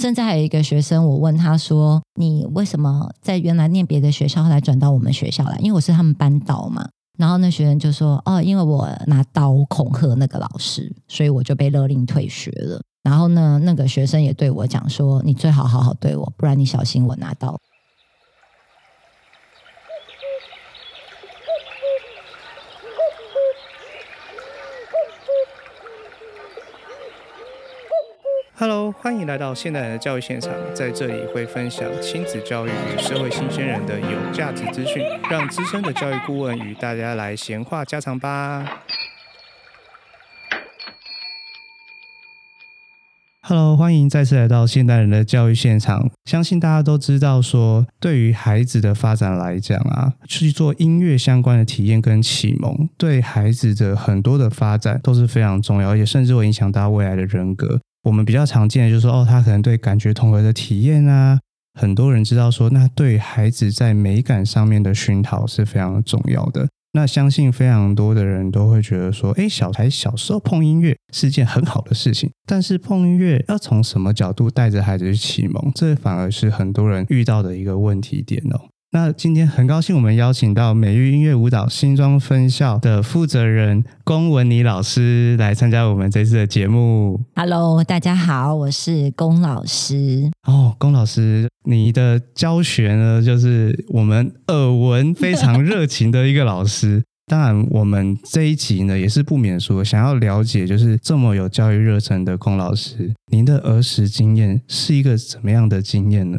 現在還有一個學生，我問他說：“你為什麼在原來念別的學校後來轉到我們學校來？”因為我是他們班導嘛。然後那學生就說：“哦，因為我拿刀恐嚇那個老師，所以我就被勒令退學了。”然後呢，那個學生也對我講說：“你最好好好對我，不然你小心我拿刀。” Hello，歡迎來到現代人的教育現場，在這裡會分享親子教育與社會新鮮人的有價值資訊，讓資深的教育顧問與大家來閒話家常吧。Hello，歡迎再次來到現代人的教育現場，相信大家都知道說，說對於孩子的發展來講啊，去做音樂相關的體驗跟啟蒙，對孩子的很多的發展都是非常重要，也甚至會影響到未來的人格。我們比較常見的就是說，哦，他可能對感覺統合的體驗啊，很多人知道說，那對孩子在美感上面的熏陶是非常重要的。那相信非常多的人都會覺得說，哎，小孩小時候碰音樂是件很好的事情。但是碰音樂要從什麼角度帶着孩子去啟蒙？這反而是很多人遇到的一個問題點哦。那今天很高興，我們邀請到美育音樂舞蹈新莊分校的負責人龔文妮老師來參加我們這次的節目。Hello，大家好，我是龔老師。哦，龔老師，你的教學呢，就是我們耳聞非常熱情的一個老師。 當然，我們這一集呢，也是不免說想要了解，就是這麼有教育熱忱的龔老師，您的兒時經驗是一個怎麼樣的經驗呢？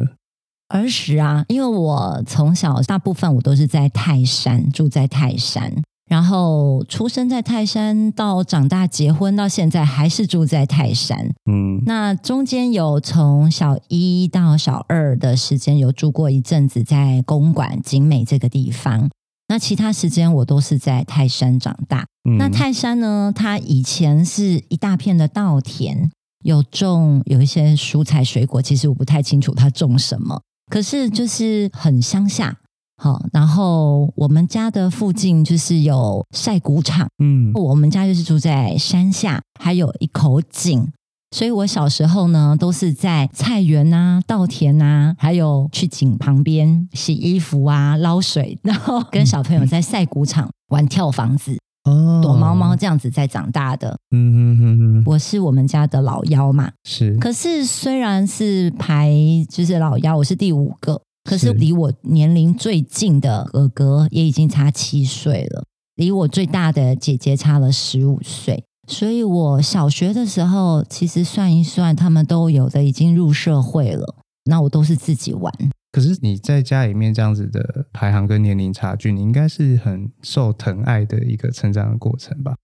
兒時啊，因為我從小大部分我都是在泰山，住在泰山，然後出生在泰山，到長大結婚到現在還是住在泰山。嗯，那中間有從小一到小二的時間有住過一陣子在公館景美這個地方，那其他時間我都是在泰山長大。嗯，那泰山呢，它以前是一大片的稻田，有種有一些蔬菜水果，其實我不太清楚它種什麼。可是就是很鄉下，好，然後我們家的附近就是有曬穀場，嗯，我們家就是住在山下，還有一口井，所以我小時候呢都是在菜園啊、稻田啊，還有去井旁邊洗衣服啊、撈水，然後跟小朋友在曬穀場玩跳房子。哦，躲貓貓這樣子在長大的，嗯哼嗯嗯嗯，我是我們家的老幺嘛，是。可是雖然是排就是老幺，我是第五個，可是離我年齡最近的哥哥也已經差七歲了，離我最大的姐姐差了十五歲，所以我小學的時候其實算一算，他們都有的已經入社會了，那我都是自己玩。可是，你在家裡面這樣子的排行跟年齡差距，你應該是很受疼愛的一個成長的過程吧？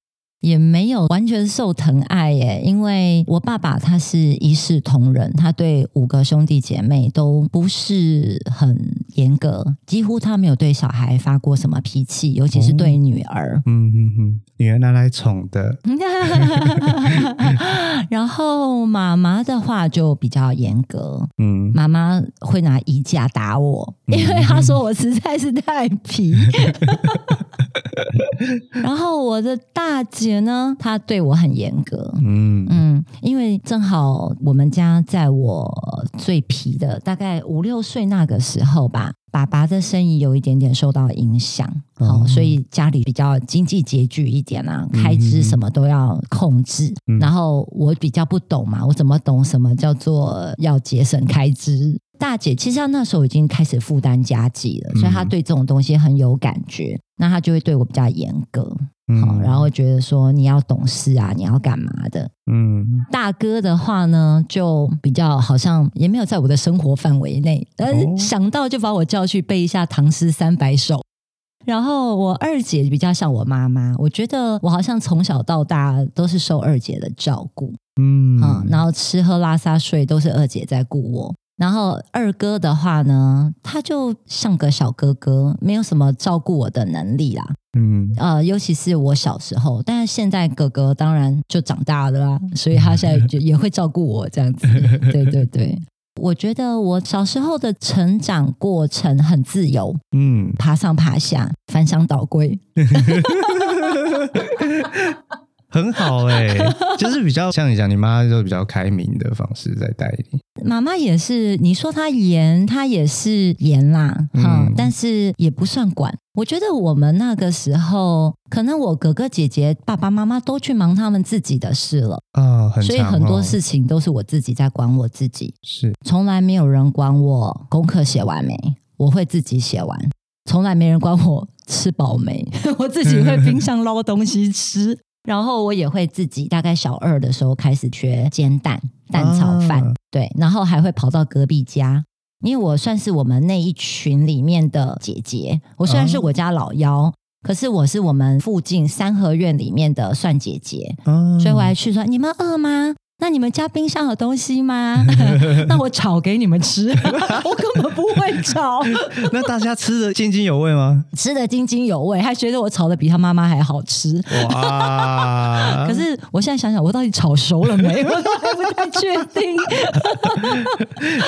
也沒有完全受疼愛耶、欸，因為我爸爸他是一視同仁，他對五個兄弟姐妹都不是很嚴格，幾乎他沒有對小孩發過什麼脾氣，尤其是對女兒。嗯嗯嗯，女兒拿來寵的。 然後媽媽的話就比較嚴格，嗯，媽媽會拿衣架打我，因為她說我實在是太皮。 然後我的大姐。姐呢，她對我很嚴格。嗯嗯，因為正好我們家在我最皮的，大概五六歲那個時候吧，爸爸的生意有一點點受到影響，好，哦、所以家裡比較經濟拮據一點啊，嗯、哼開支什麼都要控制。嗯、哼然後我比較不懂嘛，我怎麼懂什麼叫做要節省開支？大姐其實她那時候已經開始負擔家計了，所以她對這種東西很有感覺，那她就會對我比較嚴格。好，然後覺得說你要懂事啊，你要幹嘛的？嗯，大哥的話呢，就比較好像也沒有在我的生活範圍內，但是想到就把我叫去背一下唐詩三百首。然後我二姐比較像我媽媽，我覺得我好像從小到大都是受二姐的照顧。嗯，嗯，然後吃喝拉撒睡都是二姐在顧我。然後二哥的話呢，他就像個小哥哥，沒有什麼照顧我的能力啦。嗯，呃，尤其是我小時候，但是現在哥哥當然就長大了啦，啊，所以他現在就也會照顧我這樣子，嗯對。對對對，我覺得我小時候的成長過程很自由，嗯，爬上爬下，翻箱倒櫃。嗯 很好哎、欸，就是比較像你講，你媽就是比較開明的方式在帶你。媽媽也是，你說她嚴，她也是嚴啦，嗯，但是也不算管。我覺得我們那個時候，可能我哥哥姐姐、爸爸媽媽都去忙他們自己的事了啊，哦哦、所以很多事情都是我自己在管，我自己是從來沒有人管我功課寫完沒，我會自己寫完，從來沒人管我吃飽沒，我自己會冰箱撈東西吃。 然後我也會自己，大概小二的時候開始學煎蛋、蛋炒飯，啊、對，然後還會跑到隔壁家，因為我算是我們那一群裡面的姐姐，我雖然是我家老幺，嗯、可是我是我們附近三合院裡面的算姐姐，嗯、所以我還去說，你們餓嗎？那你們家冰箱有東西嗎？ 那我炒給你們吃、啊，我根本不會炒。 那大家吃的津津有味嗎？吃的津津有味，還覺得我炒的比他媽媽還好吃。哇！ 可是我現在想想，我到底炒熟了沒？我都不太確定。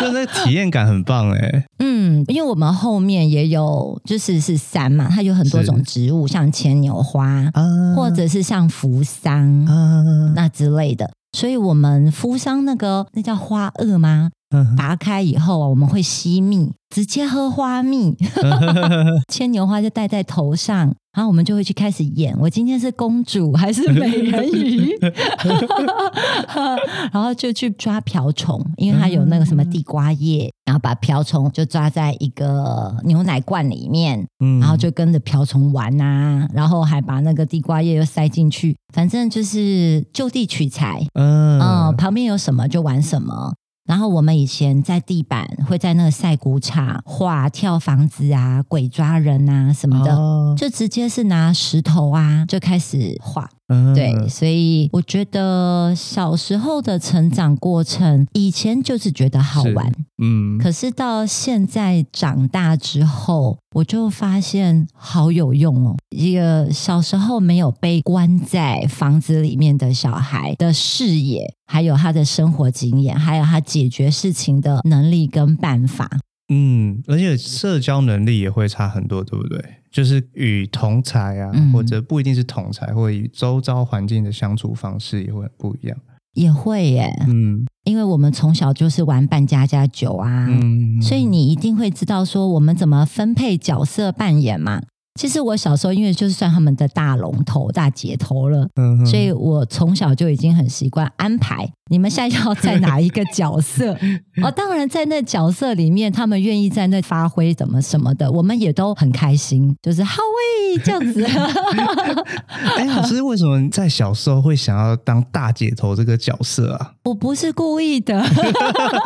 就 那 體驗感很棒哎、欸。嗯，因為我們後面也有，就是是山嘛，它有很多種植物，是像牽牛花，啊、或者是像扶桑、啊、那之類的。所以我們扶桑那個，那叫花萼嗎？拔開以後啊，我們會吸蜜，直接喝花蜜。 牽牛花就戴在頭上。然後我們就會去開始演，我今天是公主還是美人魚， 然後就去抓瓢蟲，因為它有那個什麼地瓜葉，嗯、然後把瓢蟲就抓在一個牛奶罐裡面，嗯，然後就跟着瓢蟲玩吶、啊，然後還把那個地瓜葉又塞進去，反正就是就地取材，嗯，嗯，旁邊有什麼就玩什麼。然後我們以前在地板會在那個曬穀場畫跳房子啊、鬼抓人啊什麼的，哦，就直接是拿石頭啊就開始畫。對，所以我覺得小時候的成長過程，以前就是覺得好玩，嗯，可是到現在長大之後，我就發現好有用哦。一個小時候沒有被關在房子裡面的小孩的視野，還有他的生活經驗，還有他解決事情的能力跟辦法，嗯，而且社交能力也會差很多，對不對？就是與同儕啊，嗯、哼或者不一定是同儕，或與周遭環境的相處方式也會很不一樣，也會耶、欸，嗯，因為我們從小就是玩扮家家酒啊，嗯、哼所以你一定會知道說我們怎麼分配角色扮演嘛。其實我小時候因為就是算他們的大龍頭、大姐頭了，嗯、哼所以我從小就已經很習慣安排。你們現在要在哪一個角色？ 哦，當然在那角色裡面，他們願意在那發揮，怎麼什麼的，我們也都很開心。就是好欸 這樣子。哎， 老師，為什麼在小時候會想要當大姐頭這個角色啊？我不是故意的，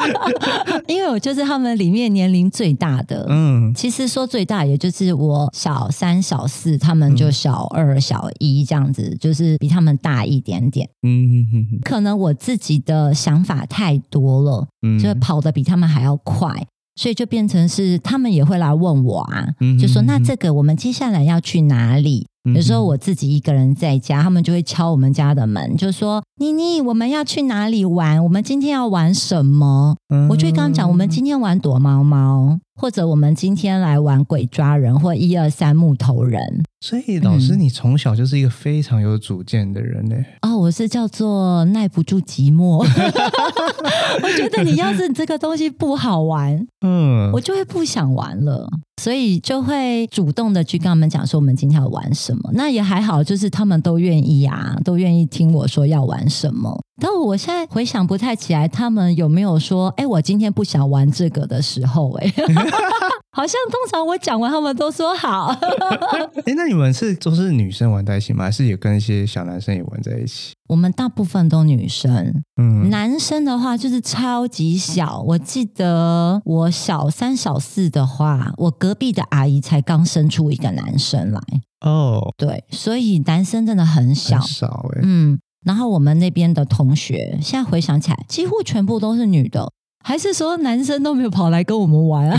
因為我就是他們裡面年齡最大的。嗯，其實說最大，也就是我小三、小四，他們就小二、小一這樣子，嗯、就是比他們大一點點。嗯哼哼，可能我自己。你的想法太多了，嗯、就跑得比他們還要快，所以就變成是他們也會來問我啊，就說那這個我們接下來要去哪裡？有時候我自己一個人在家，他們就會敲我們家的門，就說、嗯、哼妮妮，我們要去哪裡玩？我們今天要玩什麼？嗯、我就會跟他們講，我們今天玩躲貓貓。或者我們今天來玩鬼抓人，或一二三木頭人。所以老師，你從小就是一個非常有主見的人呢、嗯。哦，我是叫做耐不住寂寞。 我覺得你要是你這個東西不好玩，嗯，我就會不想玩了，所以就會主動的去跟他們講說我們今天要玩什麼。那也還好，就是他們都願意啊，都願意聽我說要玩什麼。但我現在回想不太起來，他們有沒有說，哎，我今天不想玩這個的時候、欸，哎。 好像通常我講完，他們都說好。哎、 欸，那你們是都是女生玩在一起嗎？還是也跟一些小男生也玩在一起？我們大部分都女生，嗯哼，男生的話就是超級小。我記得我小三、小四的話，我隔壁的阿姨才剛生出一個男生來。哦，對，所以男生真的很小，很少哎、欸。嗯，然後我們那邊的同學，現在回想起來，幾乎全部都是女的。還是說男生都沒有跑來跟我們玩啊？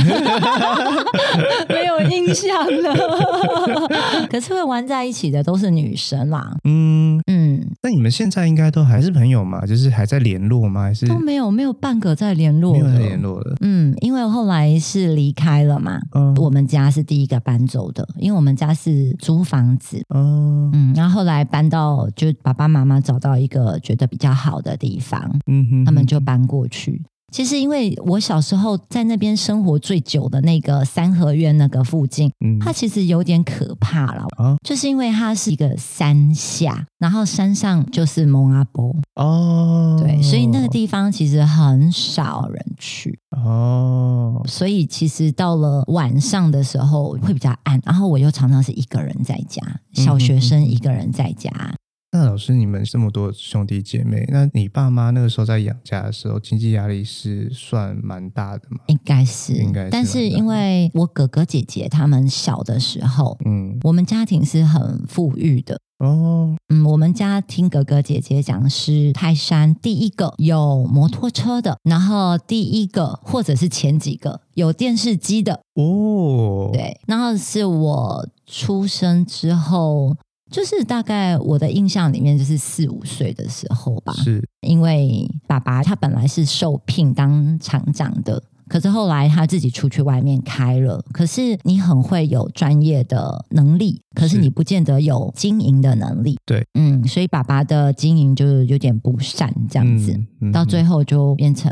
沒有印象了。 可是會玩在一起的都是女生啦。嗯嗯，那、嗯、你們現在應該都還是朋友嘛？就是還在聯絡嗎？還是都沒有，沒有半個在聯絡，沒有在聯絡的。嗯，因為後來是離開了嘛。嗯，我們家是第一個搬走的，因為我們家是租房子。嗯嗯，然後後來搬到，就爸爸媽媽找到一個覺得比較好的地方。嗯哼、哼，他們就搬過去。其實因為我小時候在那邊生活最久的那個三合院那個附近，嗯，它其實有點可怕了，啊，就是因為它是一個山下，然後山上就是蒙阿波，哦，對，所以那個地方其實很少人去，哦，所以其實到了晚上的時候會比較暗，然後我又常常是一個人在家，小學生一個人在家。嗯嗯那老師，你們這麼多兄弟姐妹，那你爸媽那個時候在養家的時候，經濟壓力是算蠻大的嗎？應該是，應該是。但是因為我哥哥姐姐他們小的時候，嗯，我們家庭是很富裕的哦。嗯，我們家聽哥哥姐姐講是泰山第一個有摩托車的，然後第一個或者是前幾個有電視機的哦。對，然後是我出生之後。就是大概我的印象裡面，就是四五歲的時候吧，是。因為爸爸他本來是受聘當廠長的，可是後來他自己出去外面開了。可是你很會有專業的能力。可是你不見得有經營的能力，對，嗯，所以爸爸的經營就有點不善，這樣子，嗯嗯嗯、到最後就變成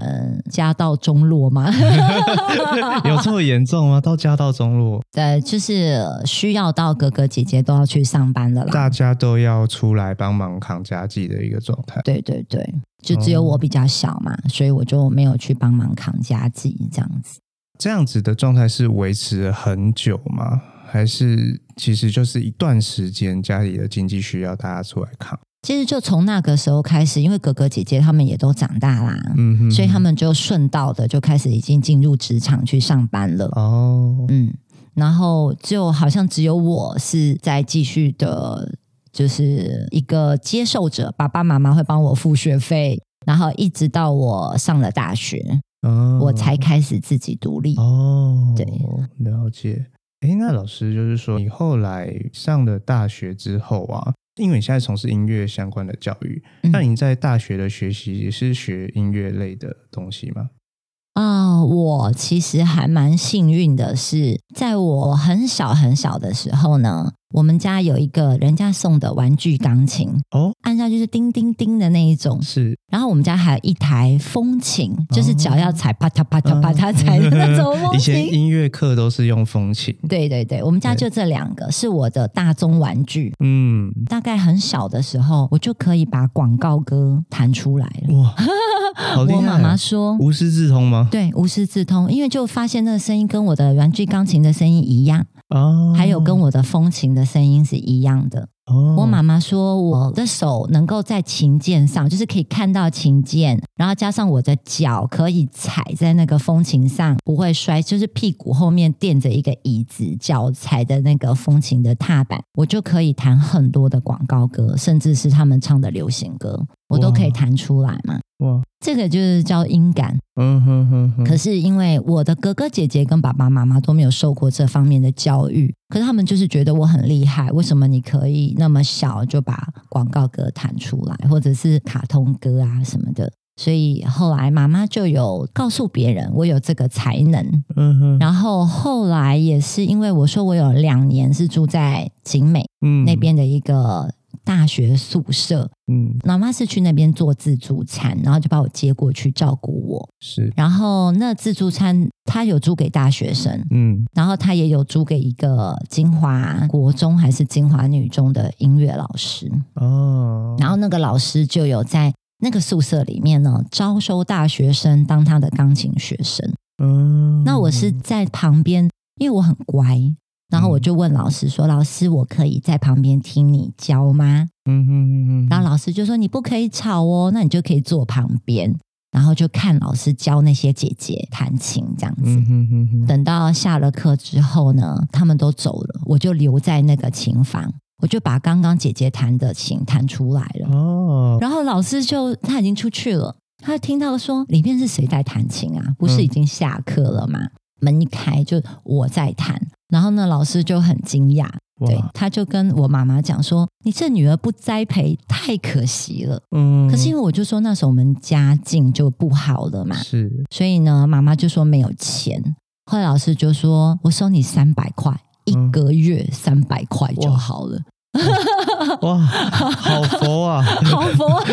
家道中落嘛。 有這麼嚴重嗎？到家道中落，對，就是需要到哥哥姐姐都要去上班了啦，大家都要出來幫忙扛家計的一個狀態。對對對，就只有我比較小嘛，嗯、所以我就沒有去幫忙扛家計，這樣子。這樣子的狀態是維持了很久嗎？還是其實就是一段時間家裡的經濟需要大家出來扛？其實就從那個時候開始，因為哥哥姐姐他們也都長大啦，嗯哼，所以他們就順道的就開始已經進入職場去上班了。哦，嗯，然後就好像只有我是在繼續的，就是一個接受者。爸爸媽媽會幫我付學費，然後一直到我上了大學，哦，我才開始自己獨立。哦，對，了解。哎，那老師就是說，你後來上了大學之後啊，因為你現在從事音樂相關的教育，那、嗯、你在大學的學習也是學音樂類的東西嗎？啊、哦，我其實還蠻幸運的是，是在我很小很小的時候呢。我們家有一個人家送的玩具鋼琴，哦，按下去就是叮叮叮的那一種，是。然後我們家還有一台風琴，就是腳要踩啪嗒啪嗒啪嗒踩的那種。以前音樂課都是用風琴。對對對，我們家就這兩個是我的大宗玩具。嗯，大概很小的時候，我就可以把廣告歌彈出來了。哇，好厲害。我媽媽說無師自通嗎？對，無師自通，因為就發現那個聲音跟我的玩具鋼琴的聲音一樣。還有跟我的風琴的聲音是一樣的。我媽媽說，我的手能夠在琴鍵上，就是可以看到琴鍵，然後加上我的腳可以踩在那個風琴上，不會摔，就是屁股後面墊着一個椅子，腳踩的那個風琴的踏板，我就可以彈很多的廣告歌，甚至是他們唱的流行歌，我都可以彈出來嘛。哇，哇，這個就是叫音感。嗯哼哼哼。可是因為我的哥哥姐姐跟爸爸媽媽都沒有受過這方面的教育。可是他們就是覺得我很厲害，為什麼你可以那麼小就把廣告歌彈出來，或者是卡通歌啊什麼的？所以後來媽媽就有告訴別人我有這個才能。嗯哼。然後後來也是因為我說我有兩年是住在景美那邊的一個大學宿舍，嗯，老媽是去那邊做自助餐，然後就把我接過去照顧我。是，然後那自助餐他有租給大學生，嗯，然後他也有租給一個金華國中還是金華女中的音樂老師。哦，然後那個老師就有在那個宿舍裡面呢，招收大學生當他的鋼琴學生。嗯，那我是在旁邊，因為我很乖。然後我就問老師說：“老師，我可以在旁邊聽你教嗎？”嗯嗯嗯嗯。然後老師就說：“你不可以吵哦，那你就可以坐旁邊，然後就看老師教那些姐姐彈琴這樣子。”嗯哼哼哼嗯嗯嗯嗯。等到下了課之後呢，他們都走了，我就留在那個琴房，我就把剛剛姐姐彈的琴彈出來了。哦。然後老師就他已經出去了，他聽到說裡面是誰在彈琴啊？不是已經下課了嗎？嗯、門一開就我在彈。然後呢，老師就很驚訝，哇對，他就跟我媽媽講說：“你這女兒不栽培，太可惜了。”嗯，可是因為我就說那時候我們家境就不好了嘛，是，所以呢，媽媽就說沒有錢。後來老師就說：“我收你三百塊，嗯、一個月三百塊就好了。哇” 哇，好佛啊，好佛、啊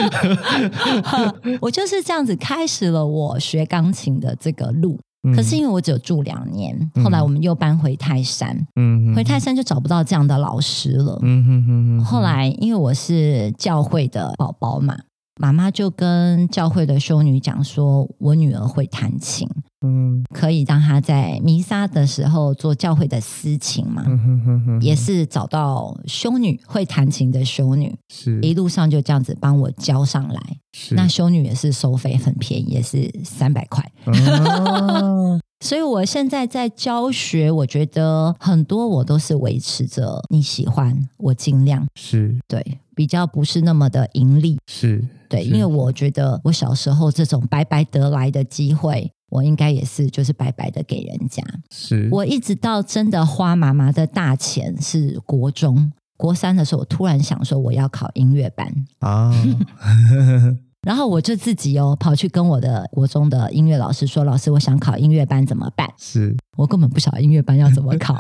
好！我就是這樣子開始了我學鋼琴的這個路。可是因為我只有住兩年，嗯、哼後來我們又搬回泰山，嗯、哼回泰山就找不到這樣的老師了。嗯、哼哼哼後來因為我是教會的寶寶嘛，媽媽就跟教會的修女講說，我女兒會彈琴。嗯，可以讓他在彌撒的時候做教會的司琴嘛？嗯、哼哼哼哼也是找到修女會彈琴的修女，是一路上就這樣子幫我教上來。是那修女也是收費很便宜，也是三百塊。 啊、所以，我現在在教學，我覺得很多我都是維持着你喜歡，我儘量是對比較不是那麼的盈利是對，是因為我覺得我小時候這種白白得來的機會。我應該也是，就是白白的給人家。是我一直到真的花媽媽的大錢是國中、國三的時候，我突然想說我要考音樂班啊， 然後我就自己哦跑去跟我的國中的音樂老師說：“老師，我想考音樂班，怎麼辦？”是我根本不曉得音樂班要怎麼考，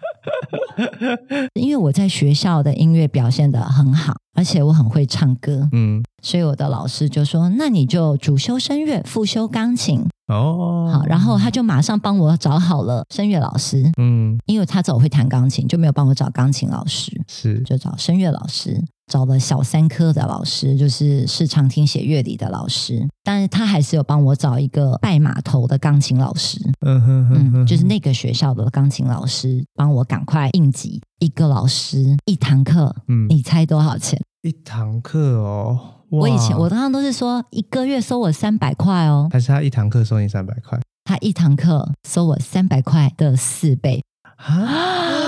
因為我在學校的音樂表現得很好。而且我很會唱歌，嗯，所以我的老師就說：“那你就主修聲樂，副修鋼琴。”哦，好，然後他就馬上幫我找好了聲樂老師，嗯，因為他早會彈鋼琴，就沒有幫我找鋼琴老師，是就找聲樂老師。找了小三科的老師，就是視唱聽寫樂理的老師，但是他還是有幫我找一個拜碼頭的鋼琴老師，嗯哼哼哼哼嗯，就是那個學校的鋼琴老師幫我趕快應急一個老師一堂課，嗯，你猜多少錢？一堂課哦，我以前我通常都是說一個月收我三百塊哦，還是他一堂課收你三百塊？他一堂課收我三百塊的四倍啊！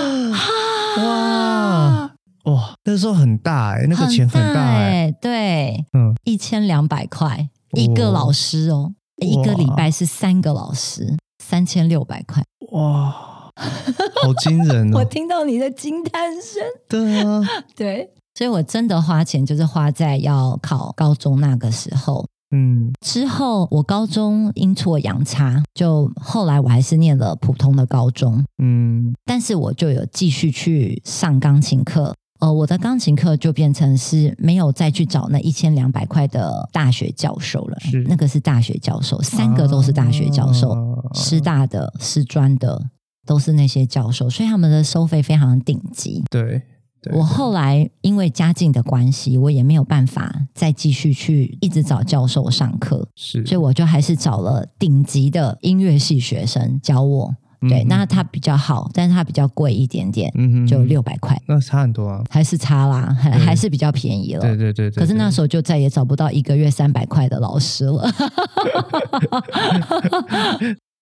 哇，那個、時候很大哎、欸，那個錢很大哎、欸欸，對，嗯，一千兩百塊一個老師哦，喔，哇一個禮拜是三個老師，三千六百塊，哇，好驚人，喔！ 我聽到你的驚嘆聲，對啊，對，所以我真的花錢就是花在要考高中那個時候，嗯，之後我高中陰錯陽差，就後來我還是念了普通的高中，嗯，但是我就有繼續去上鋼琴課。呃，我的鋼琴課就變成是沒有再去找那一千兩百塊的大學教授了。是，那個是大學教授，三個都是大學教授，啊、師大的、師專的，都是那些教授，所以他們的收費非常頂級。對，對對，我後來因為家境的關係，我也沒有辦法再繼續去一直找教授上課，是，所以我就還是找了頂級的音樂系學生教我。對，那它比較好，但是它比較貴一點點，嗯、哼哼，就六百塊。那差很多啊，還是差啦，嗯、還是比較便宜了。對對對，對對對。可是那時候就再也找不到一個月三百塊的老師了。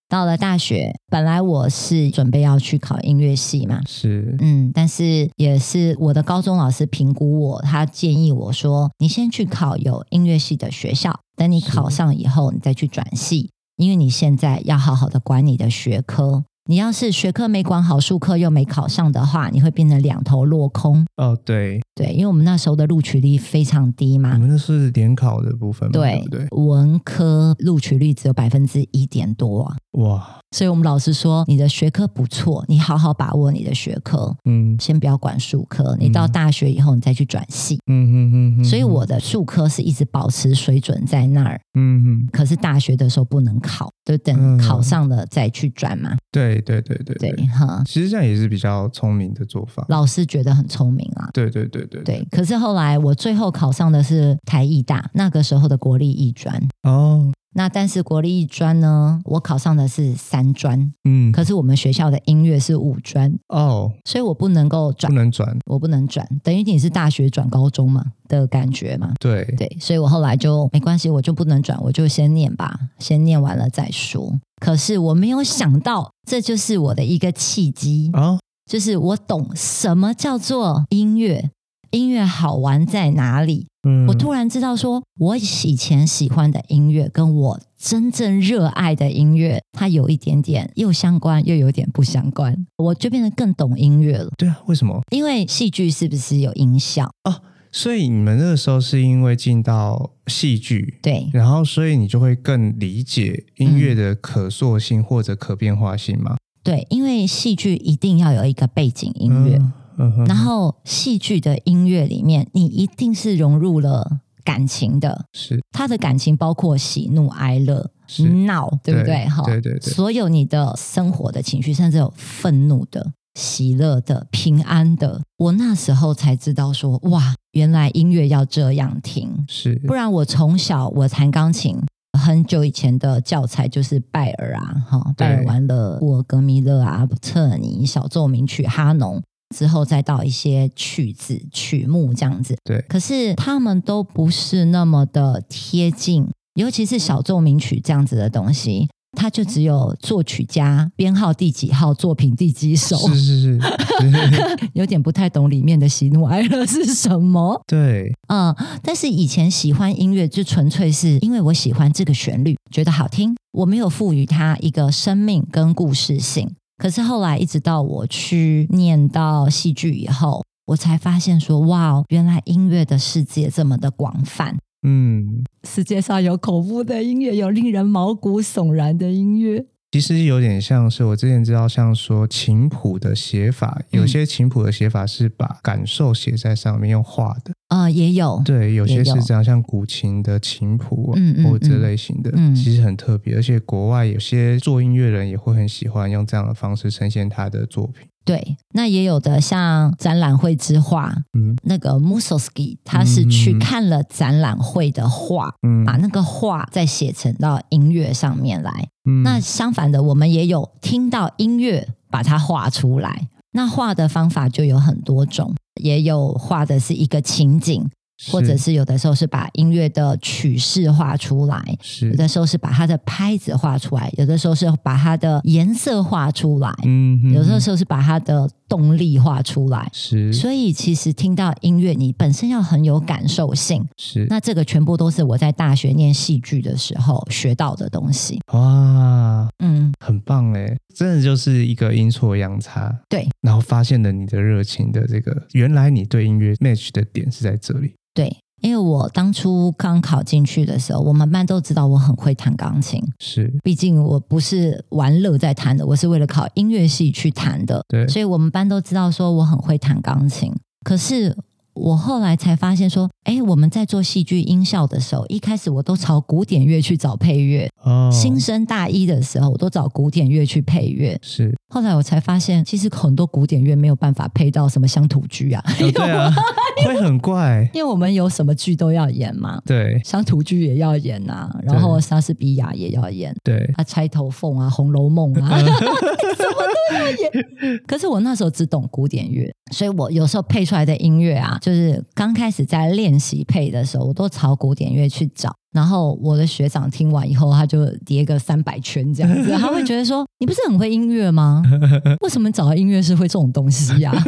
到了大學，本來我是準備要去考音樂系嘛，是嗯，但是也是我的高中老師評估我，他建議我說，你先去考有音樂系的學校，等你考上以後，你再去轉系。因為你現在要好好的管你的學科。你要是學科沒管好，術科又沒考上的話，你會變成兩頭落空。哦，對對，因為我們那時候的錄取率非常低嘛。我們那是聯考的部分嘛，對對。對對，文科錄取率只有百分之一點多，啊。哇！所以我們老師說，你的學科不錯，你好好把握你的學科。嗯，先不要管術科，你到大學以後你再去轉系。嗯嗯嗯。所以我的術科是一直保持水準在那兒。嗯嗯。可是大學的時候不能考，就等考上了再去轉嘛。嗯、對。對，對對對對，哈，其實這樣也是比較聰明的做法。老師覺得很聰明啊。對對對對對，對。可是後來我最後考上的是台藝大，那個時候的國立藝專。哦。那但是國立藝專呢，我考上的是三專，嗯，可是我們學校的音樂是五專哦，所以我不能夠轉，不能轉，我不能轉，等於你是大學轉高中嘛的感覺嘛，對對，所以我後來就沒關係，我就不能轉，我就先念吧，先念完了再說。可是我沒有想到，這就是我的一個契機啊，哦，就是我懂什麼叫做音樂，音樂好玩在哪裡。我突然知道說，說我以前喜歡的音樂跟我真正熱愛的音樂，它有一點點又相關，又有點不相關，我就變得更懂音樂了。對啊。為什麼？因為戲劇是不是有音效啊？所以你們那個時候是因為進到戲劇？對，然後所以你就會更理解音樂的可塑性或者可變化性嗎？對，因為戲劇一定要有一個背景音樂。嗯然後戲劇的音樂裡面，你一定是融入了感情的，是他的感情包括喜怒哀樂、是鬧，對不對？哈，對對，對，對，所有你的生活的情緒，甚至有憤怒的、喜樂的、平安的。我那時候才知道說，哇，原來音樂要這樣聽，是不然我從小我彈鋼琴，很久以前的教材就是拜爾啊，哈，拜爾完了，勃對格米勒啊，特尼小奏鳴曲，哈農。之後再到一些曲子曲目，這樣子，對，可是他們都不是那麼的貼近，尤其是小奏鳴曲，這樣子的東西，它就只有作曲家編號第幾號作品第幾首，是是是，是是 有點不太懂裡面的喜怒哀樂是什麼，對，嗯，但是以前喜歡音樂就純粹是因為我喜歡這個旋律，覺得好聽，我沒有賦予它一個生命跟故事性。可是後來，一直到我去念到戲劇以後，我才發現說，哇，原來音樂的世界這麼的廣泛。嗯，世界上有恐怖的音樂，有令人毛骨悚然的音樂。其實有點像是我之前知道，像說琴譜的寫法，嗯、有些琴譜的寫法是把感受寫在上面，用畫的啊、嗯，也有對，有些是這樣，像古琴的琴譜、啊，有或者這類型的，嗯嗯、其實很特別，而且國外有些做音樂人也會很喜歡用這樣的方式呈現他的作品。對，那也有的像展覽會之畫，嗯，那個 Mussorgsky 他是去看了展覽會的畫，嗯，嗯，把那個畫再寫成到音樂上面來。嗯、那相反的，我們也有聽到音樂，把它畫出來。那畫的方法就有很多種，也有畫的是一個情景。或者是有的時候是把音樂的曲式畫出來，是有的時候是把它的拍子畫出來，有的時候是把它的顏色畫出來，嗯哼，有的時候是把它的動力畫出來。是，所以其實聽到音樂，你本身要很有感受性。是，那這個全部都是我在大學念戲劇的時候學到的東西。哇，嗯，很棒誒、欸，真的就是一個陰錯陽差，對，然後發現了你的熱情的這個，原來你對音樂 match 的點是在這裡。對，因為我當初剛考進去的時候，我們班都知道我很會彈鋼琴。是，畢竟我不是玩樂在彈的，我是為了考音樂系去彈的。對，所以我們班都知道說我很會彈鋼琴。可是。我後來才發現說，哎，我們在做戲劇音效的時候，一開始我都朝古典樂去找配樂。哦、新生大一的時候，我都找古典樂去配樂。是。後來我才發現，其實很多古典樂沒有辦法配到什麼鄉土劇啊。你懂嗎、哦、對啊、 會很怪，因為我們有什麼劇都要演嘛。對。鄉土劇也要演啊，然後莎士比亞也要演。對。啊，釵頭鳳啊，紅樓夢啊，嗯、 什麼都要演。 可是我那時候只懂古典樂，所以我有時候配出來的音樂啊。就是剛開始在練習配的時候，我都朝古典樂去找，然後我的學長聽完以後，他就疊個三百圈這樣子。他會覺得說：“你不是很會音樂嗎？為什麼找音樂是會這種東西呀、啊？”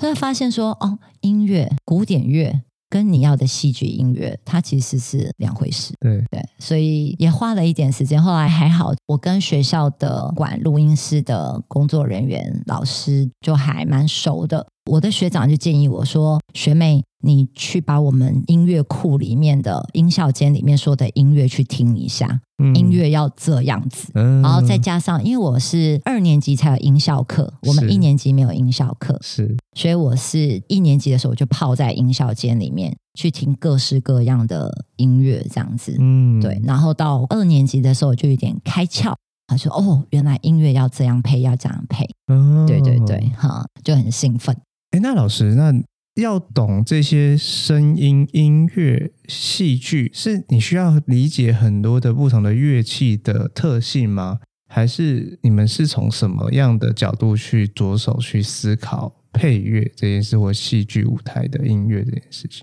所以他發現說：“哦，音樂、古典樂跟你要的戲劇音樂，它其實是兩回事。”對，對對，所以也花了一點時間。後來還好，我跟學校的管錄音室的工作人員老師就還蠻熟的。我的學長就建議我說：“學妹，你去把我們音樂庫裡面的音效間裡面說的音樂去聽一下，嗯、音樂要這樣子，嗯、然後再加上，因為我是二年級才有音效課，我們一年級沒有音效課，是，所以我是一年級的時候就泡在音效間裡面去聽各式各樣的音樂，這樣子，嗯，對，然後到二年級的時候就有點開竅，他說：哦，原來音樂要這樣配，要這樣配，嗯、對對對，哈，就很興奮。”誒，那老師，那要懂這些聲音、音樂、戲劇，是你需要理解很多的不同的樂器的特性嗎？還是你們是從什麼樣的角度去着手去思考配樂這件事或戲劇舞台的音樂這件事情？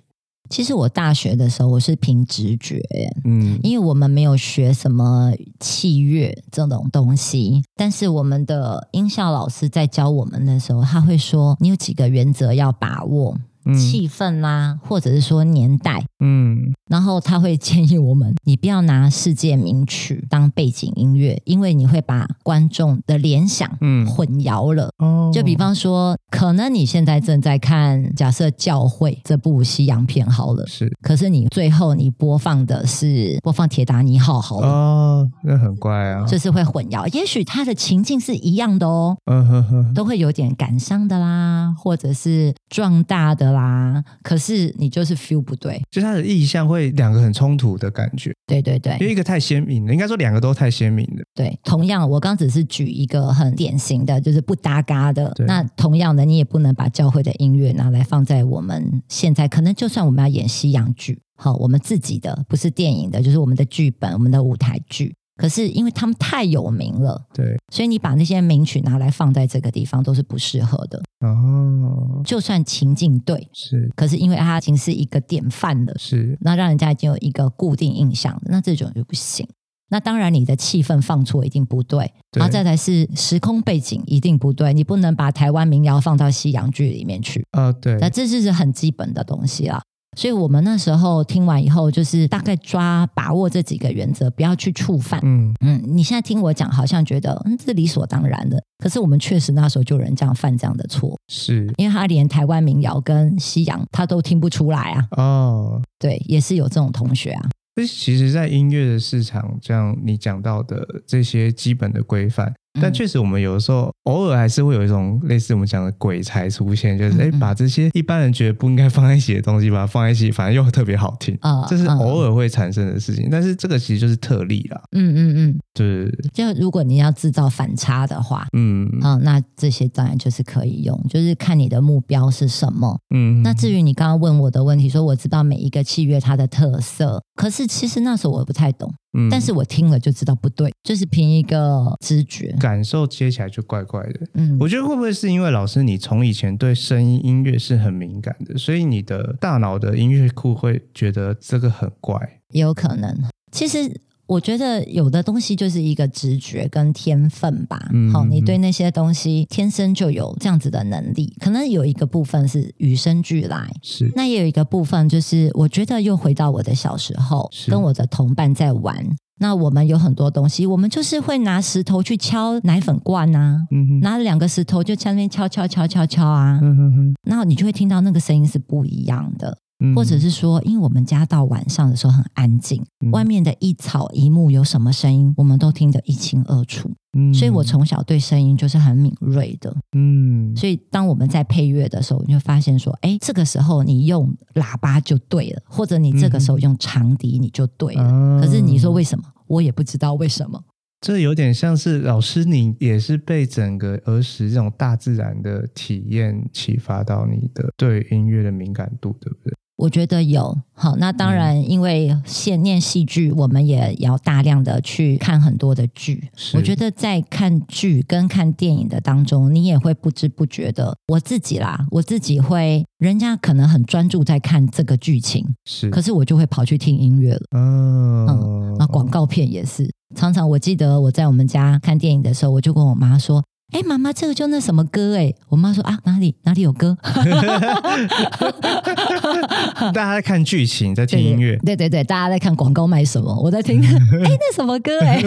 其實我大學的時候，我是憑直覺，嗯，因為我們沒有學什麼器樂這種東西，但是我們的音效老師在教我們的時候，他會說你有幾個原則要把握。氣氛啦、啊，嗯、或者是說年代，嗯，然後他會建議我們，你不要拿世界名曲當背景音樂，因為你會把觀眾的聯想嗯混淆了。嗯、哦，就比方說，可能你現在正在看，假設教會這部西洋片好了，是，可是你最後你播放的是播放鐵達尼號好，好了，哦，那很怪啊，這是會混淆。也許他的情境是一樣的哦，嗯哼哼，都會有點感傷的啦，或者是壯大的。啦，可是你就是 feel 不對，就它的意象會兩個很衝突的感覺，對對對，因為一個太鮮明了，應該說兩個都太鮮明了，對。同樣，我剛只是舉一個很典型的就是不搭嘎的，對那同樣的你也不能把教會的音樂拿來放在我們現在，可能就算我們要演西洋劇，好，我們自己的不是電影的，就是我們的劇本，我們的舞台劇。可是因為他們太有名了，對，所以你把那些名曲拿來放在這個地方都是不適合的哦。就算情境對是，可是因為它已經是一個典範了，是，那讓人家已經有一個固定印象，那這種就不行。那當然你的氣氛放錯一定不對，對，然後再來是時空背景一定不對，你不能把台灣民謠放到西洋劇裡面去啊、哦。對，那這就是很基本的東西啊。所以我們那時候聽完以後，就是大概抓把握這幾個原則，不要去觸犯。嗯嗯，你現在聽我講，好像覺得嗯這理所當然的。可是我們確實那時候就有人這樣犯這樣的錯，是因為他連台灣民謠跟西洋他都聽不出來啊。哦，對，也是有這種同學啊。所以其實，在音樂的市場，這樣你講到的這些基本的規範。但確實，我們有的時候、嗯、偶爾還是會有一種類似我們講的鬼才出現，就是哎、嗯，把這些一般人覺得不應該放在一起的東西把它放在一起，反正又特別好聽啊，嗯、這是偶爾會產生的事情。嗯、但是這個其實就是特例了、嗯。嗯嗯嗯，就是對，就如果你要製造反差的話，嗯啊、嗯，那這些當然就是可以用，就是看你的目標是什麼。嗯，那至於你剛剛問我的問題，說我知道每一個器樂它的特色，可是其實那時候我不太懂。但是我聽了就知道不對，嗯，就是憑一個直覺感受接起來就怪怪的。嗯，我覺得會不會是因為老師你從以前對聲音音樂是很敏感的，所以你的大腦的音樂庫會覺得這個很怪，有可能。其實。我覺得有的東西就是一個直覺跟天分吧，好、嗯嗯嗯，你對那些東西天生就有這樣子的能力，可能有一個部分是與生俱來，是。那也有一個部分就是，我覺得又回到我的小時候，是跟我的同伴在玩，那我們有很多東西，我們就是會拿石頭去敲奶粉罐啊，嗯嗯，拿兩個石頭就在那邊敲敲敲敲敲敲啊，然後、嗯嗯嗯、你就會聽到那個聲音是不一樣的。或者是說，因為我們家到晚上的時候很安靜，嗯、外面的一草一木有什麼聲音，我們都聽得一清二楚，嗯、所以我從小對聲音就是很敏銳的。嗯，所以當我們在配樂的時候，你就發現說，誒，這個時候你用喇叭就對了，或者你這個時候用長笛你就對了。嗯、哼可是你說為什麼？我也不知道為什麼。啊、這有點像是老師，你也是被整個兒時這種大自然的體驗啟發到你的對音樂的敏感度，對不對？我覺得有好，那當然，因為現念戲劇，我們也要大量的去看很多的劇。是我覺得在看劇跟看電影的當中，你也會不知不覺的。我自己啦，我自己會，人家可能很專注在看這個劇情，是，可是我就會跑去聽音樂了。Oh. 嗯，那，廣告片也是。常常我記得我在我們家看電影的時候，我就跟我媽說。哎，媽媽、欸，這個就那什麼歌？哎，我媽說啊，哪裡哪裡有歌？ 大家在看劇情，在聽音樂。對對對，大家在看廣告賣什麼？我在聽。哎、欸，那什麼歌？哎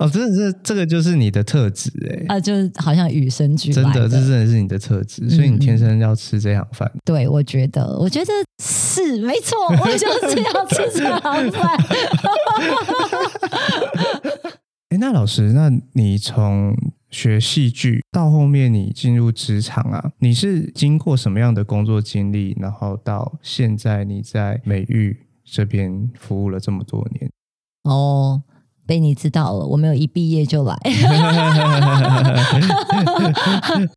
， 哦，真的，這這個就是你的特質，哎，啊，就是好像與生俱來的，真的，這真的是你的特質，所以你天生要吃這樣飯、嗯。對，我覺得，我覺得是沒錯，我就是要吃這行飯。 那老師，那你從學戲劇到後面你進入職場啊，你是經過什麼樣的工作經歷，然後到現在你在美育這邊服務了這麼多年？哦。Oh. 被你知道了，我沒有一畢業就來。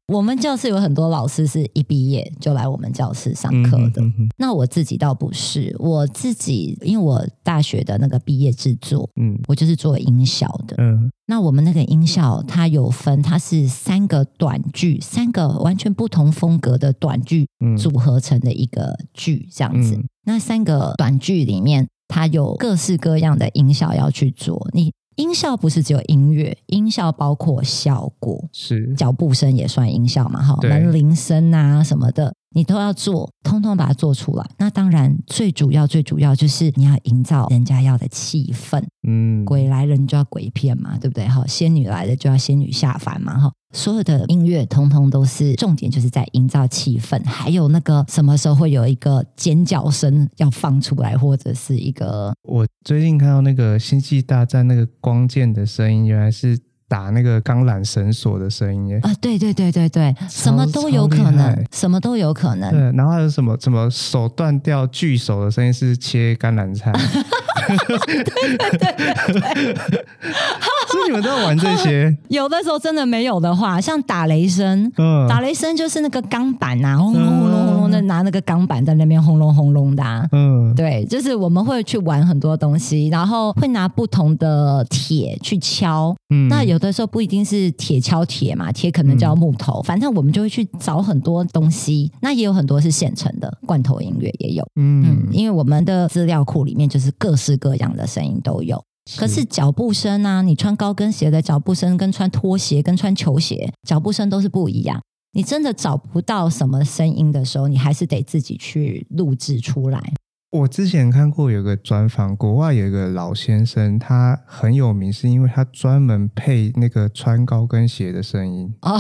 我們教室有很多老師是一畢業就來我們教室上課的。嗯、哼哼。那我自己倒不是，我自己因為我大學的那個畢業制作，嗯，我就是做音效的。嗯，那我們那個音效它有分，它是三個短劇，三個完全不同風格的短劇組合成的一個劇這樣子。嗯、那三個短劇裡面。它有各式各樣的音效要去做，你音效不是只有音樂，音效包括效果，是，腳步聲也算音效嘛，哈對，門鈴聲啊什麼的。你都要做，通通把它做出來。那當然，最主要、最主要就是你要營造人家要的氣氛。嗯，鬼來人就要鬼片嘛，對不對？哈，仙女來了就要仙女下凡嘛，哈。所有的音樂通通都是重點，就是在營造氣氛。還有那個什麼時候會有一個尖叫聲要放出來，或者是一個……我最近看到那個《星際大戰》那個光劍的聲音，原來是，打那個鋼纜繩索的聲音、欸、啊，對對對對對，超什麼都有可能，什麼都有可能。對，然後還有什麼什麼手斷掉鋸手的聲音是切橄欖菜。對對對對。 所以你們都要玩這些？ 有的時候真的沒有的話，像打雷聲，嗯，打雷聲就是那個鋼板啊，轟隆轟隆轟隆的拿那個鋼板在那邊轟隆轟隆的、啊，嗯，對，就是我們會去玩很多東西，然後會拿不同的鐵去敲，嗯，那有的時候不一定是鐵敲鐵嘛，鐵可能叫木頭，嗯、反正我們就會去找很多東西，那也有很多是現成的罐頭音樂也有，嗯，嗯，因為我們的資料庫裡面就是各式各樣的聲音都有。可是腳步聲啊，你穿高跟鞋的腳步聲跟穿拖鞋，跟穿球鞋腳步聲都是不一樣。你真的找不到什麼聲音的時候，你還是得自己去錄製出來。我之前看過有一個專訪，國外有一個老先生，他很有名，是因為他專門配那個穿高跟鞋的聲音啊，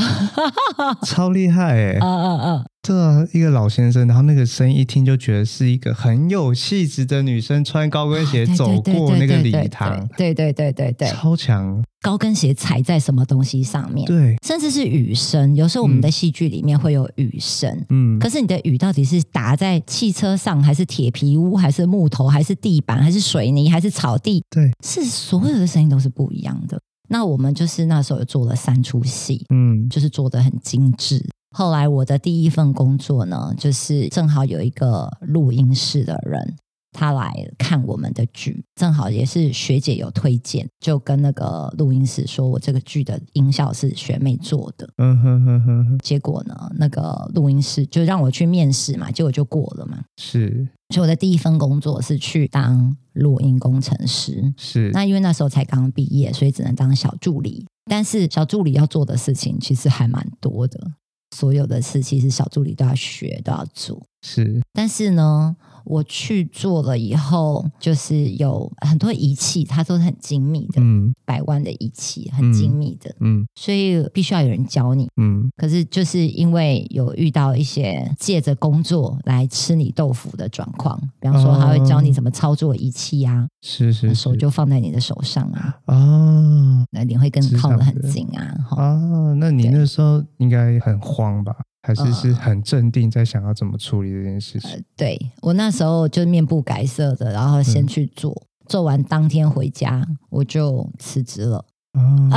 超厲害哎，欸！啊啊啊！嗯嗯一個一個老先生，然後那個聲音一聽就覺得是一個很有氣質的女生穿高跟鞋走過那個禮堂，對對對對，超強。高跟鞋踩在什麼東西上面？對，甚至是雨聲，有時候我們的戲劇裡面會有雨聲，嗯，可是你的雨到底是打在汽車上，還是鐵皮屋，還是木頭，還是地板，還是水泥，還是草地？對，是所有的聲音都是不一樣的。那我們就是那時候有做了三齣戲，嗯，就是做得很精緻。後來我的第一份工作呢，就是正好有一個錄音室的人，他來看我們的劇，正好也是學姐有推薦，就跟那個錄音室說我這個劇的音效是學妹做的，嗯哼哼哼。Huh huh huh. 結果呢，那個錄音室就讓我去面試嘛，結果就過了嘛。是，所以我的第一份工作是去當錄音工程師。是，那因為那時候才剛畢業，所以只能當小助理。但是小助理要做的事情其實還蠻多的。所有的事，其實小助理都要學，都要做。是，但是呢，我去做了以後，就是有很多儀器，它都是很精密的，嗯，百萬的儀器，很精密的，嗯，嗯所以必須要有人教你，嗯。可是就是因為有遇到一些借着工作來吃你豆腐的狀況，比方說他會教你怎麼操作儀器啊，啊是，是是，手就放在你的手上啊，啊，那你會跟靠得很近啊，好啊，那你那時候應該很慌吧？還是是很鎮定，在想要怎麼處理這件事情。嗯呃、對我那時候就面不改色的，然後先去做，嗯、做完當天回家我就辭職了。嗯、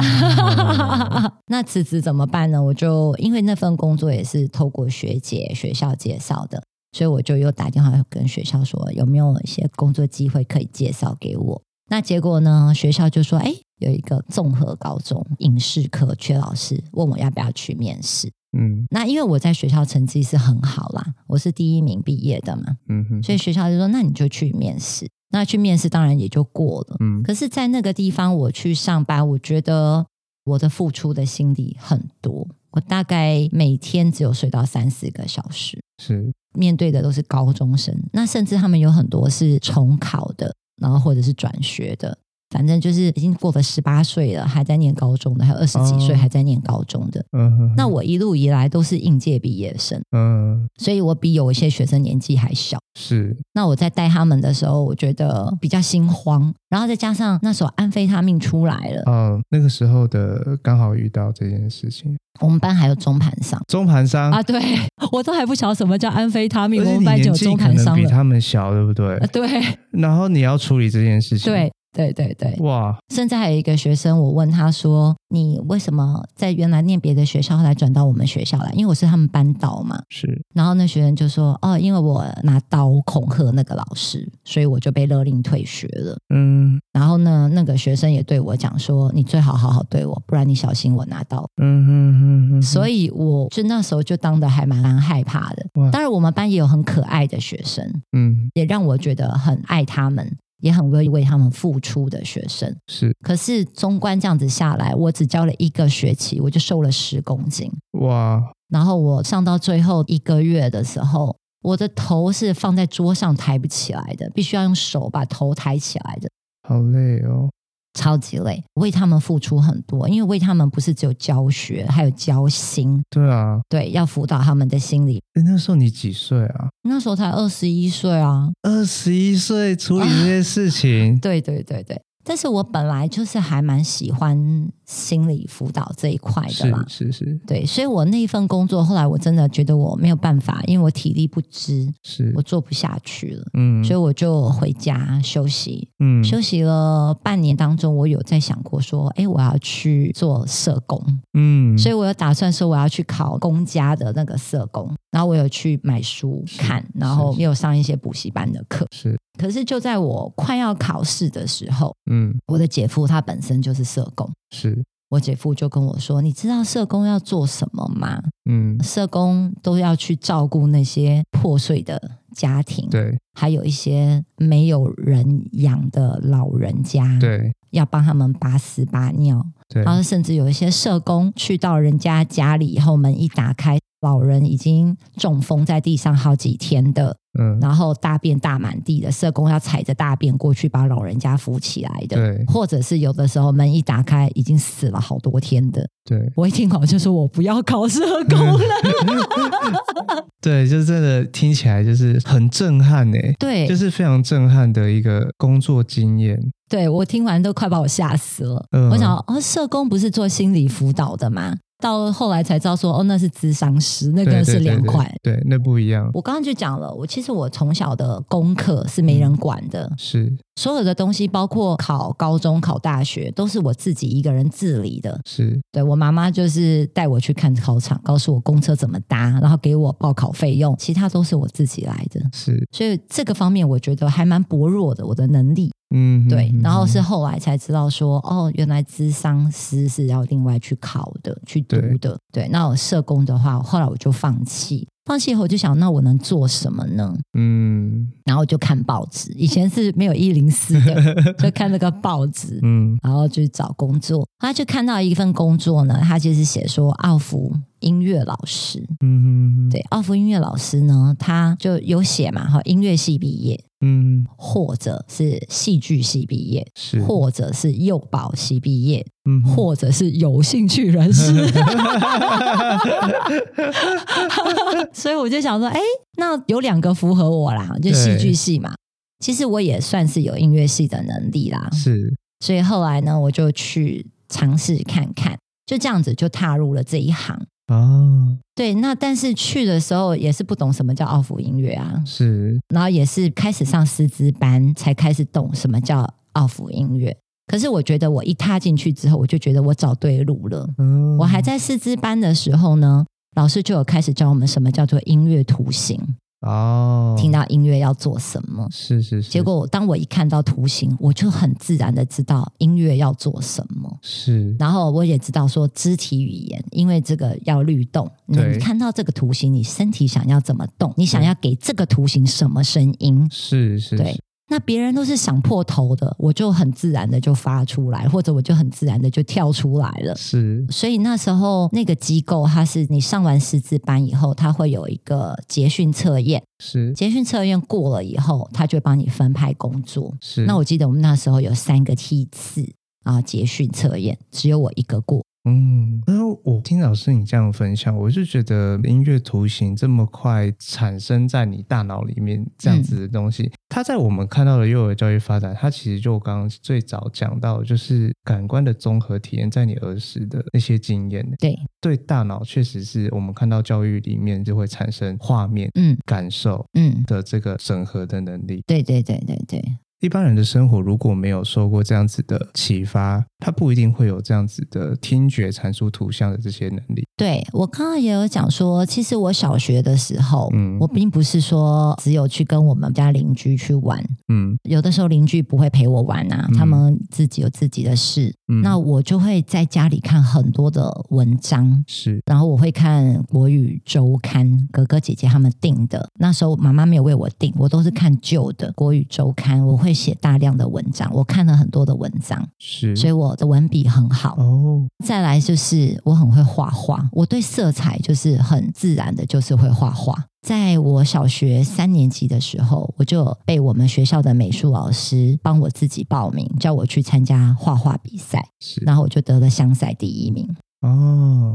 那辭職怎麼辦呢？我就因為那份工作也是透過學姐學校介紹的，所以我就又打電話跟學校說，有沒有一些工作機會可以介紹給我？那結果呢？學校就說，哎，有一個綜合高中影視科缺老師，問我要不要去面試。嗯，那因為我在學校成績是很好啦，我是第一名畢業的嘛，嗯哼，所以學校就說，那你就去面試，那去面試當然也就過了，嗯，可是，在那個地方我去上班，我覺得我的付出的心力很多，我大概每天只有睡到三四個小時，是面對的都是高中生，那甚至他們有很多是重考的，然後或者是轉學的。反正就是已經過了十八歲了，還在念高中的，還有二十幾歲還在念高中的。哦、嗯哼，那我一路以來都是應屆畢業生，嗯，所以我比有一些學生年紀還小。是，那我在帶他們的時候，我覺得比較心慌。然後再加上那時候安非他命出來了，嗯、哦，那個時候的剛好遇到這件事情。我們班還有中盤商，中盤商。啊，對，對我都還不曉得什麼叫安非他命，我們班就有中盤商。年紀可能比他們小，對不對？啊、對。然後你要處理這件事情，對。對對對，哇！甚至還有一個學生，我問他說：“你為什麼在原來念別的學校後來轉到我們學校來？”因為我是他們班導嘛。是。然後那學生就說：“哦，因為我拿刀恐嚇那個老師，所以我就被勒令退學了。”嗯。然後呢，那個學生也對我講說：“你最好好好對我，不然你小心我拿刀。”嗯哼哼哼哼嗯嗯嗯嗯。所以我就那時候就當得還蠻害怕的。哇當然，我們班也有很可愛的學生，嗯，也讓我覺得很愛他們。也很願意為他們付出的學生是，可是中觀這樣子下來，我只教了一個學期，我就瘦了十公斤。哇！然後我上到最後一個月的時候，我的頭是放在桌上抬不起來的，必須要用手把頭抬起來的，好累哦。超級累，為他們付出很多，因為為他們不是只有教學，還有教心。對啊，對，要輔導他們的心理。誒，那時候你幾歲啊？那時候才二十一歲啊！二十一歲處理一些事情。啊，對對對對。但是我本來就是還蠻喜歡。心理輔導這一塊的嘛，是是，對，所以我那一份工作，後來我真的覺得我沒有辦法，因為我體力不支，是我做不下去了，嗯，所以我就回家休息，嗯，休息了半年當中，我有在想過說，哎、欸，我要去做社工，嗯，所以我有打算說我要去考公家的那個社工，然後我有去買書看，是然後又上一些補習班的課，是，可是就在我快要考試的時候，嗯，我的姐夫他本身就是社工。是我姐夫就跟我說：“你知道社工要做什麼嗎？嗯，社工都要去照顧那些破碎的家庭，對，還有一些沒有人養的老人家，對，要幫他們把屎把尿，對，然後甚至有一些社工去到人家家裡以後，門一打開。”老人已經中風在地上好幾天的，嗯，然後大便大滿地的，社工要踩着大便過去把老人家扶起來的，對，或者是有的時候門一打開，已經死了好多天的，對。我一聽，好就說我不要考社工了， 對，就真的聽起來就是很震撼哎，對，就是非常震撼的一個工作經驗。對我聽完都快把我嚇死了，嗯，我想哦，社工不是做心理輔導的嗎？到後來才知道說，哦，那是諮商師，那個是兩塊，對，那不一樣。我剛剛就講了，我其實我從小的功課是沒人管的，嗯、是所有的東西，包括考高中、考大學，都是我自己一個人自理的，是。對我媽媽就是帶我去看考場，告訴我公車怎麼搭，然後給我報考費用，其他都是我自己來的，是。所以這個方面，我覺得還蠻薄弱的，我的能力。嗯，對，然後是後來才知道說，哦，原來諮商師是要另外去考的，去讀的，對，對。那我社工的話，後來我就放棄，放棄以後我就想，那我能做什麼呢？嗯，然後就看報紙，以前是沒有一零四的， 就看那個報紙，嗯， 然後就去找工作，他就看到一份工作呢，他就是寫說奧福。音樂老師，嗯嗯對，奧福音樂老師呢，他就有寫嘛哈，音樂系畢業，嗯哼，或者是戲劇系畢業，是，或者是幼保系畢業，嗯哼，或者是有興趣人士， 所以我就想說，哎、欸，那有兩個符合我啦，就戲劇系嘛，對其實我也算是有音樂系的能力啦，是，所以後來呢，我就去嘗試看看，就這樣子就踏入了這一行。啊，對，那但是去的時候也是不懂什麼叫奧福音樂啊，是，然後也是開始上師資班才開始懂什麼叫奧福音樂。可是我覺得我一踏進去之後，我就覺得我找對路了。嗯，我還在師資班的時候呢，老師就有開始教我們什麼叫做音樂圖形。哦，oh, 聽到音樂要做什麼？是是是。結果，當我一看到圖形，我就很自然地知道音樂要做什麼。是。然後我也知道說肢體語言，因為這個要律動。對。你看到這個圖形，你身體想要怎麼動？你想要給這個圖形什麼聲音？對。對。是，是是。對。那別人都是想破頭的，我就很自然的就發出來，或者我就很自然的就跳出來了。是，所以那時候那個機構，它是你上完識字班以後，他會有一個結訓測驗。是，結訓測驗過了以後，他就會幫你分派工作。是，那我記得我們那時候有三個梯次啊，結訓測驗只有我一個過。嗯，然後我聽老師你這樣分享，我就覺得音樂圖形這麼快產生在你大腦裡面這樣子的東西，嗯、它在我們看到的幼兒教育發展，它其實就剛最早講到，就是感官的綜合體驗，在你兒時的那些經驗，對，對大腦確實是我們看到教育裡面就會產生畫面，嗯，感受，嗯的這個整合的能力，對，對對對對對。一般人的生活如果沒有受過這樣子的啟發。他不一定會有這樣子的聽覺傳輸圖像的這些能力。對，我剛剛也有講說，其實我小學的時候，嗯，我並不是說只有去跟我們家鄰居去玩，嗯，有的時候鄰居不會陪我玩啊，嗯，他們自己有自己的事，嗯，那我就會在家裡看很多的文章，是，然後我會看《國語周刊》，哥哥姐姐他們訂的，那時候媽媽沒有為我訂，我都是看舊的《國語周刊》，我會寫大量的文章，我看了很多的文章，是，所以我。的文筆很好哦。Oh. 再來就是我很會畫畫，我對色彩就是很自然的，就是會畫畫。在我小學三年級的時候，我就被我們學校的美術老師幫我自己報名，叫我去參加畫畫比賽。是，然後我就得了鄉賽第一名哦。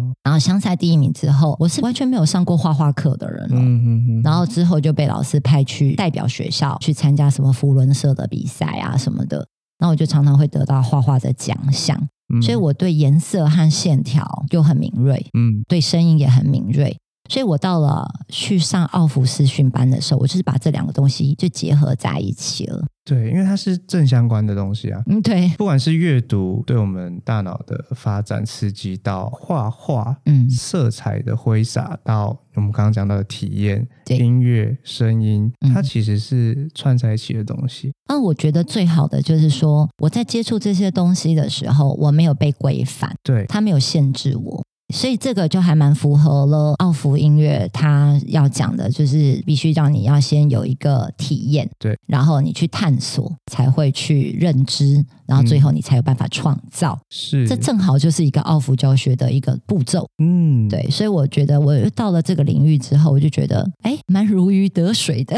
Oh. 然後鄉賽第一名之後，我是完全沒有上過畫畫課的人了。嗯嗯嗯。Hmm. 然後之後就被老師派去代表學校去參加什麼扶輪社的比賽啊什麼的。那我就常常會得到畫畫的獎項，嗯。所以我對顏色和線條就很敏銳，嗯。對聲音也很敏銳。所以我到了去上奧福師訓班的時候，我就是把這兩個東西就結合在一起了。對，因為它是正相關的東西啊。嗯，對。不管是閱讀，對我們大腦的發展刺激到畫畫，嗯，色彩的揮灑到，到我們剛剛講到的體驗，對音樂、聲音，它其實是串在一起的東西。嗯，那我覺得最好的就是說，我在接觸這些東西的時候，我沒有被規範，對它沒有限制我。所以這個就還蠻符合了奧福音樂，他要講的就是必須讓你要先有一個體驗，對，然後你去探索，才會去認知，然後最後你才有辦法創造。嗯、是，這正好就是一個奧福教學的一個步驟。嗯，對，所以我覺得我到了這個領域之後，我就覺得誒蠻如魚得水的，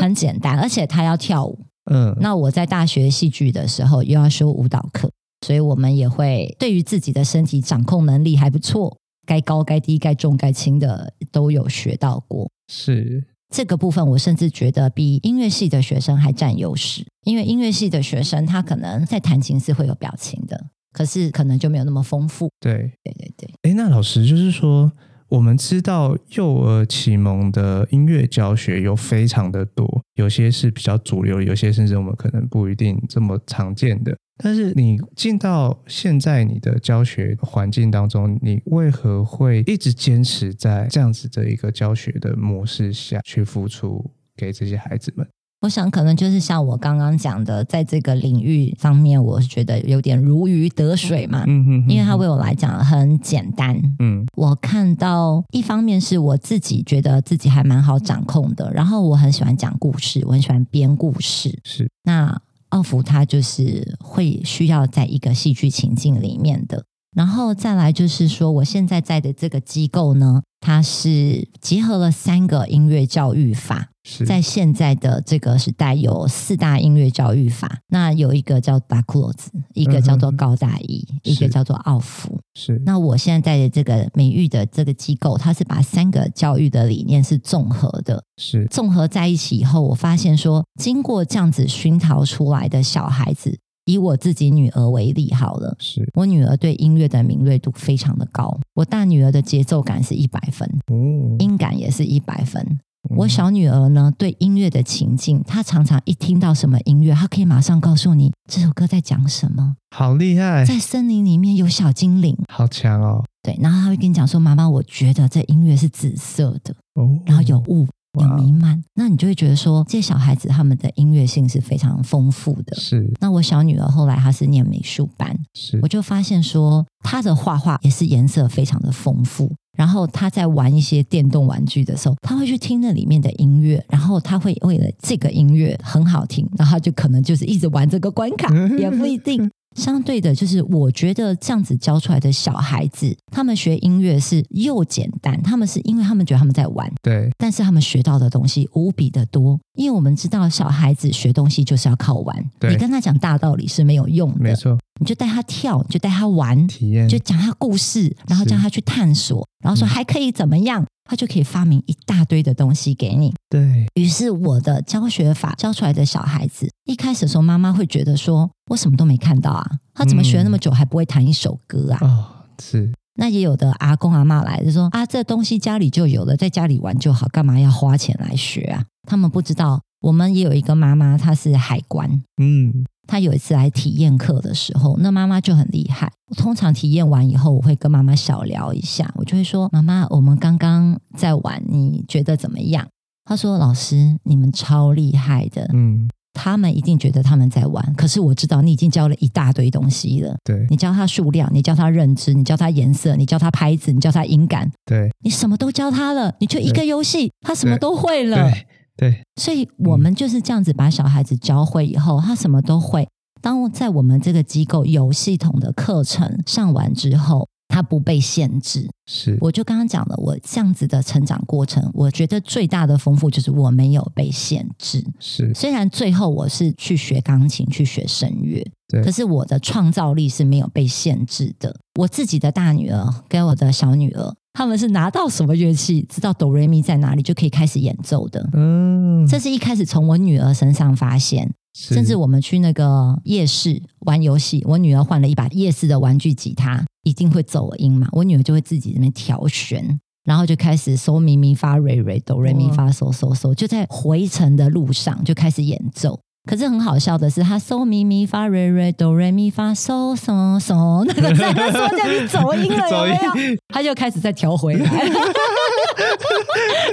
很簡單。而且他要跳舞，嗯，那我在大學戲劇的時候又要修舞蹈課。所以我們也會對於自己的身體掌控能力還不錯，該高該低、該重該輕的都有學到過。是這個部分，我甚至覺得比音樂系的學生還占優勢，因為音樂系的學生他可能在彈琴是會有表情的，可是可能就沒有那麼豐富。對，對對對。哎，那老師就是說，我們知道幼兒啟蒙的音樂教學有非常的多，有些是比較主流，有些甚至我們可能不一定這麼常見的。但是你進到現在你的教學環境當中，你為何會一直堅持在這樣子的一個教學的模式下去付出給這些孩子們？我想可能就是像我剛剛講的，在這個領域方面，我是覺得有點如魚得水嘛。嗯嗯，因為它為我來講很簡單。嗯，我看到一方面是我自己覺得自己還蠻好掌控的，然後我很喜歡講故事，我很喜歡編故事。是那。奧福他就是會需要在一個戲劇情境裡面的，然後再來就是說，我現在在的這個機構呢。它是結合了三個音樂教育法，是在現在的這個時代有四大音樂教育法。那有一個叫達克羅茲，一個叫做高大宜，嗯、哼一個叫做奧福。是那我現在在的這個美育的這個機構，它是把三個教育的理念是綜合的，是綜合在一起以後，我發現說，經過這樣子熏陶出來的小孩子。以我自己女兒為例好了，是我女兒對音樂的敏銳度非常的高。我大女兒的節奏感是一百分，嗯、哦，音感也是一百分。嗯、我小女兒呢，對音樂的情境，她常常一聽到什麼音樂，她可以馬上告訴你這首歌在講什麼，好厲害！在森林裡面有小精靈，好強哦。對，然後她會跟你講說，媽媽，我覺得這音樂是紫色的，哦，哦，然後有霧。有彌漫，Wow. 那你就會覺得說，這些小孩子他們的音樂性是非常豐富的。是，那我小女兒後來她是念美術班，是，我就發現說她的畫畫也是顏色非常的豐富。然後她在玩一些電動玩具的時候，她會去聽那裡面的音樂，然後她會為了這個音樂很好聽，然後他就可能就是一直玩這個關卡， 也不一定。 相對的，就是我覺得這樣子教出來的小孩子，他們學音樂是又簡單，他們是因為他們覺得他們在玩，對。但是他們學到的東西無比的多，因為我們知道小孩子學東西就是要靠玩，對。你跟他講大道理是沒有用的，沒錯。你就帶他跳，就帶他玩，體驗，就講他故事，然後叫他去探索，是。然後說還可以怎麼樣。嗯他就可以發明一大堆的東西給你。對，於是我的教學法教出來的小孩子，一開始的時候媽媽會覺得說，我什麼都沒看到啊，他怎麼學那麼久還不會彈一首歌啊？嗯、哦，是。那也有的阿公阿嬤來就說啊，這東西家裡就有了，在家裡玩就好，幹嘛要花錢來學啊？他們不知道，我們也有一個媽媽，她是海關。嗯。他有一次來體驗課的時候，那媽媽就很厲害。我通常體驗完以後，我會跟媽媽小聊一下，我就會說：“媽媽，我們剛剛在玩，你覺得怎麼樣？”他說：“老師，你們超厲害的。”嗯，他們一定覺得他們在玩，可是我知道你已經教了一大堆東西了。對，你教他數量，你教他認知，你教他顏色，你教他拍子，你教他音感，對，你什麼都教他了，你就一個遊戲，對他什麼都會了。對對對，所以我們就是這樣子把小孩子教會以後，他什麼都會。當我在我們這個機構有系統的課程上完之後，他不被限制。是，我就剛剛講了，我這樣子的成長過程，我覺得最大的豐富就是我沒有被限制。是，雖然最後我是去學鋼琴，去學聲樂，對，可是我的創造力是沒有被限制的。我自己的大女兒跟我的小女兒。他們是拿到什麼樂器，知道哆來咪在哪裡，就可以開始演奏的。嗯，這是一開始從我女兒身上發現，是甚至我們去那個夜市玩遊戲，我女兒換了一把夜市的玩具吉他，一定會走音嘛？我女兒就會自己在那邊調弦，然後就開始搜咪咪發瑞瑞哆來咪發嗦嗦嗦，就在回程的路上就開始演奏。可是很好笑的是，他嗦咪咪發瑞瑞哆瑞咪發嗦嗦嗦，那個在他說就你走音了有沒有，他就開始在調回來，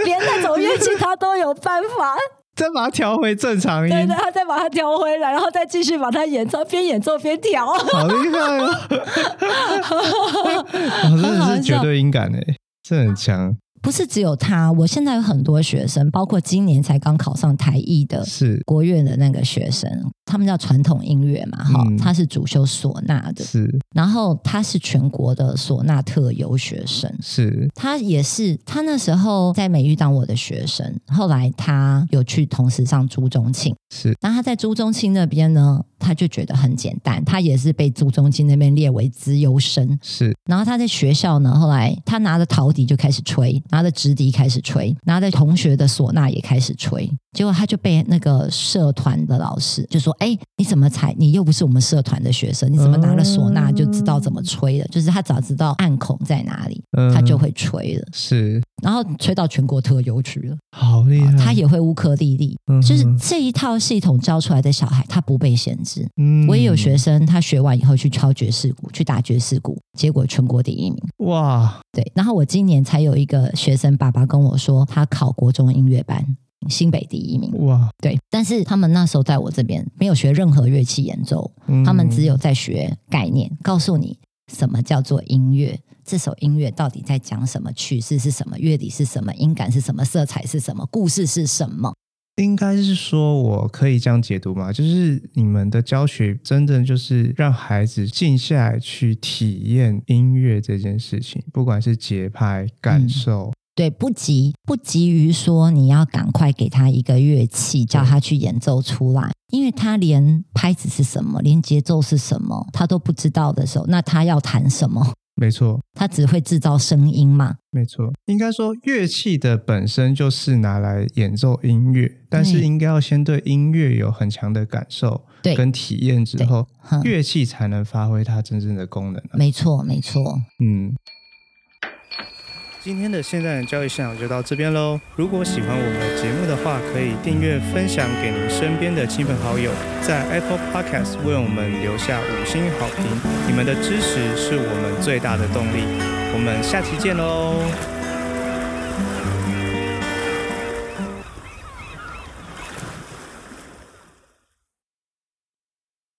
連那種樂器他都有辦法，再把它調回正常音，對，對，對，他再把它調回來，然後再繼續把它演，演唱，邊演奏邊調，好厲害哦，這 真的是絕對音感哎，這很強。不是只有他，我現在有很多學生，包括今年才剛考上台藝的，是，國院的那個學生，他們叫傳統音樂嘛，哈、嗯，他是主修嗩吶的，是，然後他是全國的嗩吶特優學生，是，他也是他那時候在美育當我的學生，後來他有去同時上朱宗慶，是，那他在朱宗慶那邊呢，他就覺得很簡單，他也是被朱宗慶那邊列為資優生，是，然後他在學校呢，後來他拿着陶笛就開始吹。拿着直笛開始吹，拿着同學的嗩吶也開始吹，結果他就被那個社團的老師就說：“哎，欸，你怎麼才？你又不是我們社團的學生，你怎麼拿了嗩吶就知道怎麼吹了？嗯，就是他早知道暗孔在哪裡，他就會吹了。嗯”，是。然後吹到全國特優去了，好厲害、啊！他也會烏克麗麗，嗯、哼就是這一套系統教出來的小孩，他不被限制。嗯、我也有學生，他學完以後去敲爵士鼓，去打爵士鼓，結果全國第一名。哇！對，然後我今年才有一個學生，爸爸跟我說，他考國中音樂班，新北第一名。哇！對，但是他們那時候在我這邊沒有學任何樂器演奏，嗯、他們只有在學概念，告訴你什麼叫做音樂。這首音樂到底在講什麼？曲式是什麼？樂理是什麼？音感是什麼？色彩是什麼？故事是什麼？應該是說，我可以這樣解讀嗎？就是你們的教學，真正就是讓孩子靜下來去體驗音樂這件事情，不管是節拍感受、嗯，對，不急，不急於說你要趕快給他一個樂器，叫他去演奏出來，對因為他連拍子是什麼，連節奏是什麼，他都不知道的時候，那他要彈什麼？沒錯，它只會製造聲音嘛。沒錯，應該說樂器的本身就是拿來演奏音樂，嗯、但是應該要先對音樂有很強的感受跟體驗之後，樂器才能發揮它真正的功能啊。沒錯，沒錯，嗯。今天的現代教育節目就到這邊嘍。如果喜歡我們的節目的話，可以訂閱、分享給您身邊的親朋好友，在 Apple Podcast 為我們留下五星好評。你們的支持是我們最大的動力。我們下期見嘍！